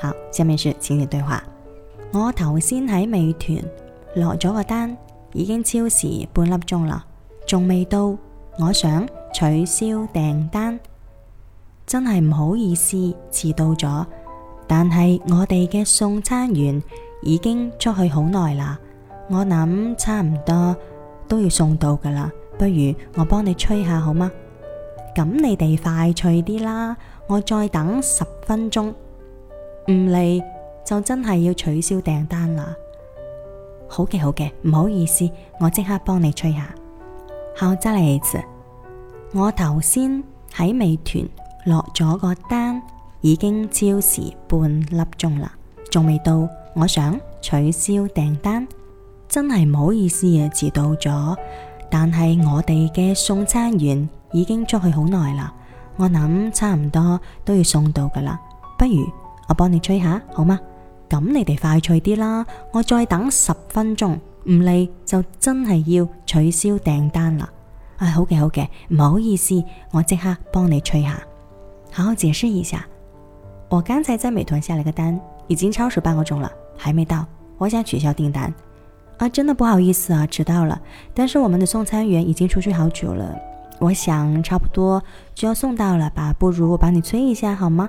好，下面說情景對話。我頭先喺美團落咗個單，已經超時半粒鐘啦，仲未到。我想取消訂單，真係唔好意思，遲到咗。但係我哋嘅送餐員已經出去好耐啦，我諗差唔多都要送到噶啦。不如我幫你催下好嗎？咁你哋快脆啲啦，我再等十分鐘。唔嚟就真係要取消訂單啦。好嘅，好嘅，唔好意思，我即刻幫你催下。好，e 嚟。我頭先喺美團落咗個單，已經超時半粒鐘啦，仲未到。我想取消訂單，真係唔好意思呀，遲到咗。但係我哋嘅送餐員已經出去好耐啦，我諗差唔多都要送到噶啦，不如？我幫你催下，好嗎？咁你哋快脆啲啦，我再等十分鐘，唔嚟就真係要取消訂單啦。唉、哎，好嘅好嘅，唔好意思，我即刻幫你催下。好，好解釋一下，我剛才在美團下嚟個單，已經超時半個鐘了，還沒到，我想取消訂單。啊，真的不好意思啊，遲到了，但是我們的送餐員已經出去好久了，我想差不多就要送到了吧，不如我幫你催一下，好嗎？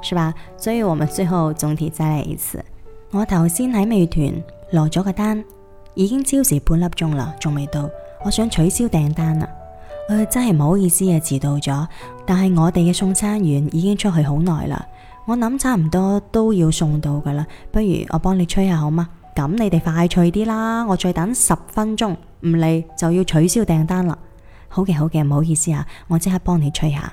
是吧？所以我們最後總體再嚟一次。我頭先喺美團落咗個單，已經超時半粒鐘啦，仲未到。我想取消訂單啦。唉、呃，真係唔好意思啊，遲到咗。但係我哋嘅送餐員已經出去好耐啦。我諗差唔多都要送到噶啦，不如我幫你催下好嘛？咁、嗯、你哋快脆啲啦，我再等十分鐘，唔嚟就要取消訂單啦。好嘅，好嘅，唔好意思啊，我即刻幫你催下。